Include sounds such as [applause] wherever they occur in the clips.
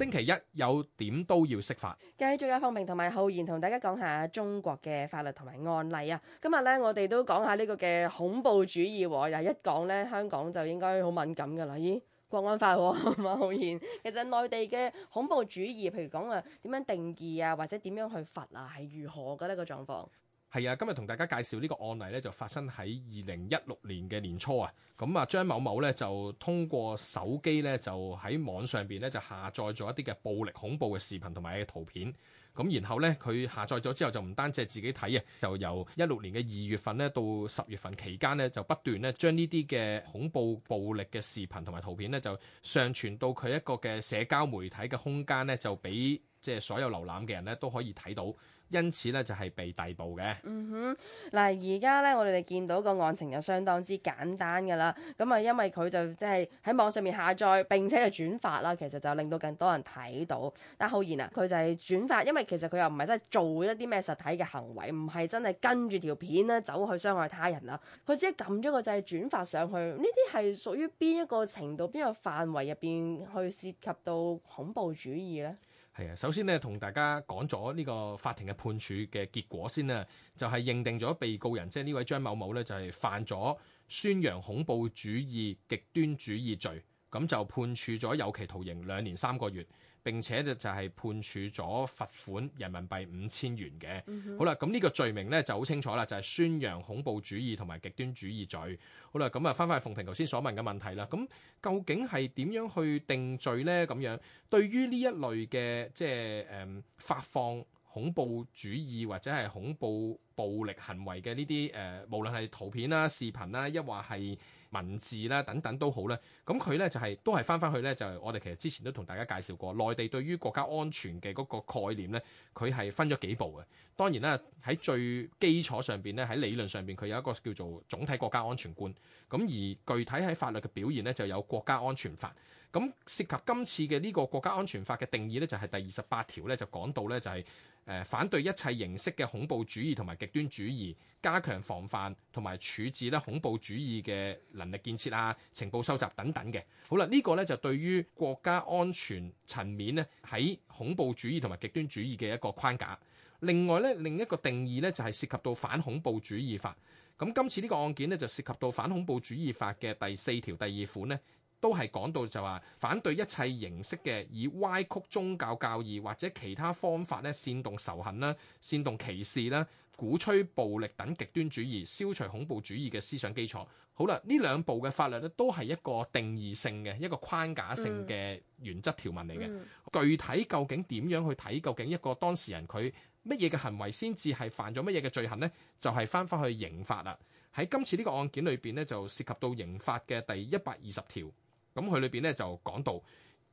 星期一有點都要識法。繼續，方平同埋浩然同大家講下中國嘅法律同埋案例啊。今日咧，我哋都講下呢個嘅恐怖主義嗱，一講咧，香港就應該好敏感噶啦。咦，國安法喎，哦，馬 [laughs] 浩然。其實內地嘅恐怖主義，譬如講啊，點樣定義啊，或者點樣去罰啊，係如何嘅呢，呢個狀況。係啊，今日同大家介紹呢個案例咧，就發生喺二零一六年嘅年初啊。咁啊，張某某咧就通過手機咧，就喺網上邊咧就下載咗一啲嘅暴力恐怖嘅視頻同埋嘅圖片。咁然後咧，佢下載咗之後就唔單止係自己睇啊，就由一六年嘅二月份咧到十月份期間咧，就不斷咧將呢啲嘅恐怖暴力嘅視頻同埋圖片咧，就上傳到佢一個嘅社交媒體嘅空間咧，就俾即係所有瀏覽嘅人咧都可以睇到。因此咧就係被逮捕嘅。嗯哼，嗱，而家咧我哋哋見到個案情就相當之簡單㗎啦。咁啊，因為佢就即係喺網上面下載並且係轉發啦，其實就令到更多人睇到。但浩然啊，佢就係轉發，因為其實佢又唔係真係做一啲咩實體嘅行為，唔係真係跟住條片咧走去傷害他人啊。佢只係撳咗個掣轉發上去。呢啲係屬於邊一個程度、邊個範圍入面去涉及到恐怖主義咧？係啊，首先咧，同大家講咗呢個法庭嘅判處嘅結果先啦，就係認定咗被告人，即係呢位張某某咧，就係犯咗宣揚恐怖主義、極端主義罪。咁就判處咗有期徒刑兩年三個月，並且就就係判處咗罰款人民幣五千元嘅。嗯、哼好啦，咁呢個罪名呢就好清楚啦，就係、是、宣揚恐怖主義同埋極端主義罪。好啦，咁啊翻返去鳳萍頭先所問嘅問題啦。咁究竟係點樣去定罪呢？咁樣對於呢一類嘅即係誒發放恐怖主義或者係恐怖暴力行為嘅呢啲誒，無論係圖片啦、視頻啦，抑或係文字啦等等都好啦。咁佢呢，就係、是、都係翻翻去呢。就係、是、我哋其實之前都同大家介紹過，內地對於國家安全嘅嗰個概念呢，佢係分咗幾步嘅。當然啦，喺最基礎上邊呢，喺理論上邊佢有一個叫做總體國家安全觀。咁而具體喺法律嘅表現呢，就有《國家安全法》。咁涉及今次嘅呢個《國家安全法》嘅定義呢，就係、是、第二十八條呢，就講到呢，就係、是、誒、呃、反對一切形式嘅恐怖主義同埋極。端主義，加強防範同埋處置咧恐怖主義嘅能力建設啊、情報收集等等嘅，好啦，呢個呢就對於國家安全層面咧喺恐怖主義同埋極端主義嘅一個框架。另外呢，另一個定義呢就係涉及到反恐怖主義法。咁今次呢個案件呢，就涉及到反恐怖主義法嘅第四條第二款呢。都係講到就話反對一切形式嘅以歪曲宗教教義或者其他方法咧煽動仇恨啦、煽動歧視啦、鼓吹暴力等極端主義、消除恐怖主義嘅思想基礎。好啦，呢兩部嘅法律咧都係一個定義性嘅一個框架性嘅原則條文嚟嘅。嗯、具體究竟點樣去睇？究竟一個當事人佢乜嘢嘅行為先至係犯咗乜嘢嘅罪行呢？就係翻返去刑法啦。喺今次呢個案件裏邊呢就涉及到刑法嘅第一百二十條。咁佢裏邊咧就講到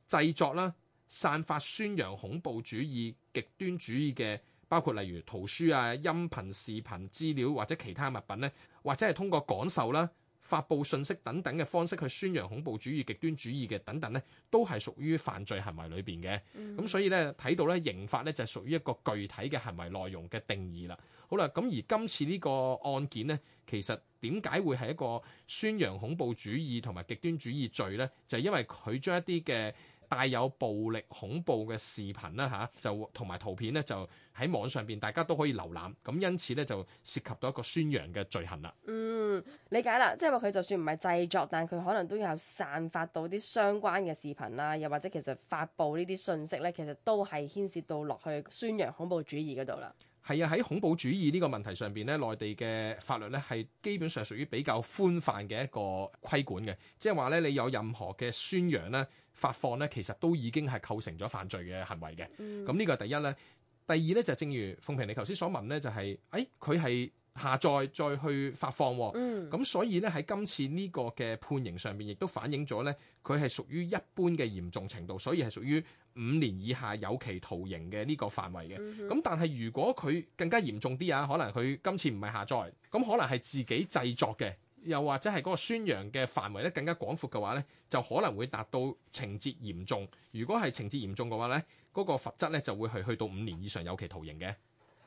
製作啦、散發、宣揚恐怖主義、極端主義嘅，包括例如圖書啊、音頻、視頻資料或者其他物品咧，或者係通過講授啦，發布信息等等嘅方式去宣揚恐怖主義、極端主義嘅等等呢，都係屬於犯罪行為裏邊嘅。咁、嗯、所以呢，睇到呢刑法呢，就係屬於一個具體嘅行為內容嘅定義啦。好啦，咁而今次呢個案件呢，其實點解會係一個宣揚恐怖主義同埋極端主義罪呢？就係、是、因為佢將一啲嘅。帶有暴力恐怖嘅視頻啦嚇，就同埋圖片咧，就喺網上邊，大家都可以瀏覽。咁因此咧，就涉及到一個宣揚嘅罪行啦。嗯，理解啦，即係話佢就算唔係製作，但係佢可能都有散發到啲相關嘅視頻啦，又或者其實發布呢啲信息咧，其實都係牽涉到落去宣揚恐怖主義嗰度啦。係啊，喺恐怖主義呢個問題上邊咧，內地嘅法律咧係基本上屬於比較寬泛嘅一個規管嘅，即係話咧你有任何嘅宣揚咧、發放咧，其實都已經係構成咗犯罪嘅行為嘅。咁呢個第一咧，第二咧就係、正如鳳平你頭先所問咧、就係，就、哎、係，誒佢係。下載再去發放、哦，咁、嗯、所以咧喺今次呢個嘅判刑上面亦都反映咗咧，佢係屬於一般嘅嚴重程度，所以係屬於五年以下有期徒刑嘅呢個範圍嘅。咁、嗯、哼但係如果佢更加嚴重啲啊，可能佢今次唔係下載，咁可能係自己製作嘅，又或者係嗰個宣揚嘅範圍咧更加廣闊嘅話咧，就可能會達到情節嚴重。如果係情節嚴重嘅話咧，嗰、嗰個罰則咧就會係去到五年以上有期徒刑嘅。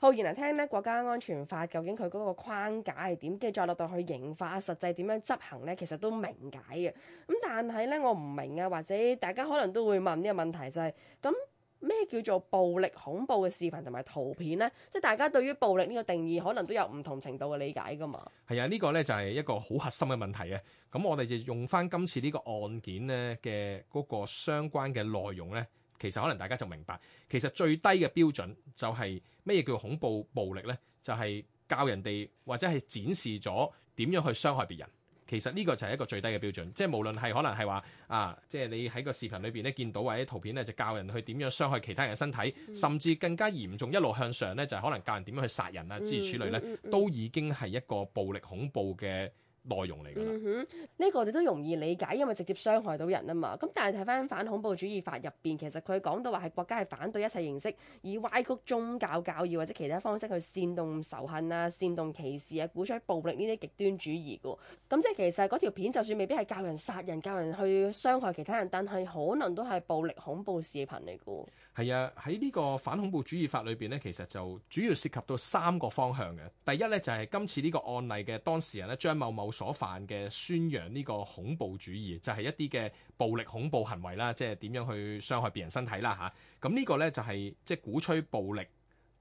好，原來聽咧國家安全法究竟佢嗰個框架係點，跟住再落到去刑法實際點樣執行咧，其實都明解嘅。咁但係咧，我唔明啊，或者大家可能都會問呢個問題、就係，就係咁咩叫做暴力恐怖嘅視頻同埋圖片咧？即係大家對於暴力呢個定義，可能都有唔同程度嘅理解噶嘛。係啊，呢、呢個咧就係一個好核心嘅問題啊。咁我哋就用翻今次呢個案件咧嘅嗰個相關嘅內容咧。其實可能大家就明白，其實最低嘅標準就係咩嘢叫恐怖暴力呢？就係、是、教人哋或者係展示咗點樣去傷害別人。其實呢個就係一個最低嘅標準，即係無論係可能係話啊，即係你喺個視頻裏邊咧見到或者圖片咧，就教人去點樣傷害其他人嘅身體，甚至更加嚴重一路向上呢，就係、是、可能教人點樣去殺人啊之如此類呢。嗯，處理咧都已經係一個暴力恐怖嘅。內容嚟㗎啦，呢、嗯呢個我哋都容易理解，因為直接傷害到人啊嘛。咁但係睇翻反恐怖主義法入邊，其實佢講到話係國家係反對一切形式以歪曲宗教教義或者其他方式去煽動仇恨啊、煽動歧視啊、鼓吹暴力呢啲極端主義㗎。咁即係其實嗰條片就算未必係教人殺人、教人去傷害其他人，但係可能都係暴力恐怖視頻嚟㗎。係啊，喺呢個反恐怖主義法裏邊呢，其實就主要涉及到三個方向嘅。第一呢就係、是、今次呢個案例嘅當事人呢，張某某所犯嘅宣揚呢個恐怖主義，就係、是、一啲嘅暴力恐怖行為啦，即係點樣去傷害別人身體啦嚇。咁、啊、呢個呢，就係即係鼓吹暴力。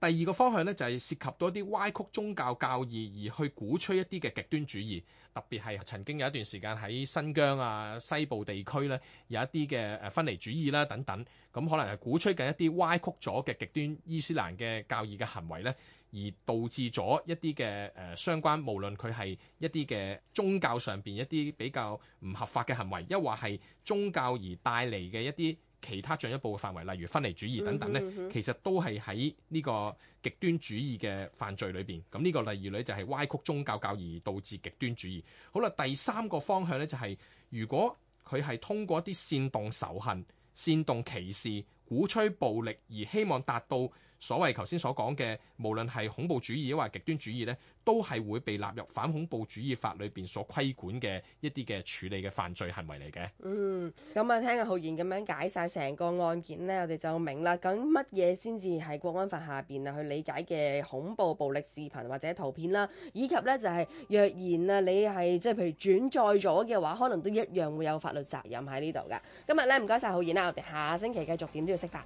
第二個方向呢，就係、是、涉及到一啲歪曲宗教教義，而去鼓吹一啲嘅極端主義，特別係曾經有一段時間喺新疆啊、西部地區呢，有一啲嘅誒分離主義啦等等，咁、嗯、可能係鼓吹緊一啲歪曲咗嘅極端伊斯蘭嘅教義嘅行為呢，而導致咗一啲嘅誒相關，無論佢係一啲嘅宗教上邊一啲比較唔合法嘅行為，抑或係宗教而帶嚟嘅一啲。其他進一步嘅範圍，例如分離主義等等呢，其實都係喺呢個極端主義嘅犯罪裏邊。咁呢個例二呢，就係歪曲宗教教義導致極端主義。好啦，第三個方向呢，就是，就係如果佢係通過一啲煽動仇恨、煽動歧視、鼓吹暴力而希望達到。所謂頭先所講嘅，無論係恐怖主義或者極端主義咧，都係會被納入反恐怖主義法裏邊所規管嘅一啲嘅處理嘅犯罪行為嚟嘅。嗯，咁啊，聽阿浩然咁樣解晒成個案件咧，我哋就明啦。咁乜嘢先至係國安法下邊啊，去理解嘅恐怖暴力視頻或者圖片啦，以及咧就係若然啊，你係即係譬如轉載咗嘅話，可能都一樣會有法律責任喺呢度噶。今日咧唔該晒浩然啦，我哋下星期繼續點都要識法。